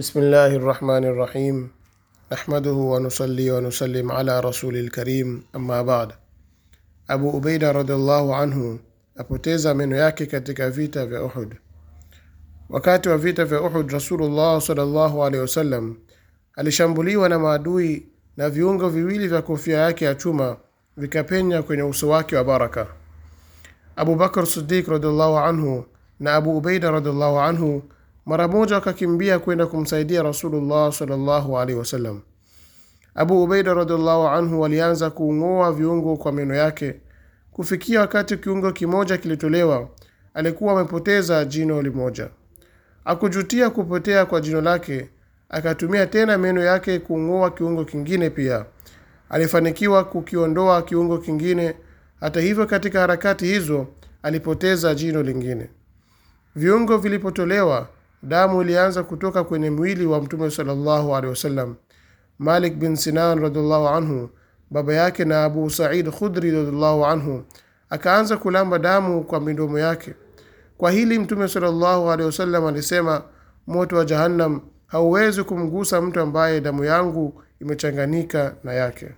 بسم الله الرحمن الرحيم نحمده ونصلي ونسلم على رسول الكريم أما بعد أبو أبيدة رضي الله عنه أبوتيزا من يأكي كتك فيتا في أحد وكاتي وفيتا في أحد رسول الله صلى الله عليه وسلم alishambuliwa شامبولي ونما أدوي na viungo viwili vya kofia yake ya chuma vikapenya kwenye uso wake wa baraka abubakar sidik radiallahu anhu na abu ubaida radiallahu anhu Mara moja wakakimbia kwenda kumsaidia Rasulullah sallallahu alaihi wasallam. Abu Ubaida radhiallahu anhu walianza kuung'oa viungo kwa meno yake. Kufikia wakati kiungo kimoja kilitolewa, alikuwa amepoteza jino limoja. Akujutia kupotea kwa jino lake, akatumia tena meno yake kuung'oa kiungo kingine pia. Alifanikiwa kukiondoa kiungo kingine. Hata hivyo, katika harakati hizo alipoteza jino lingine. Viungo vilipotolewa damu ilianza kutoka kwenye mwili wa Mtume sallallahu alaihi wasallam. Malik bin Sinan radhiallahu anhu, baba yake na Abu Said Khudri radhiallahu anhu, akaanza kulamba damu kwa midomo yake. Kwa hili Mtume sallallahu alaihi wasallam alisema, moto wa Jahannam hauwezi kumgusa mtu ambaye damu yangu imechanganyika na yake.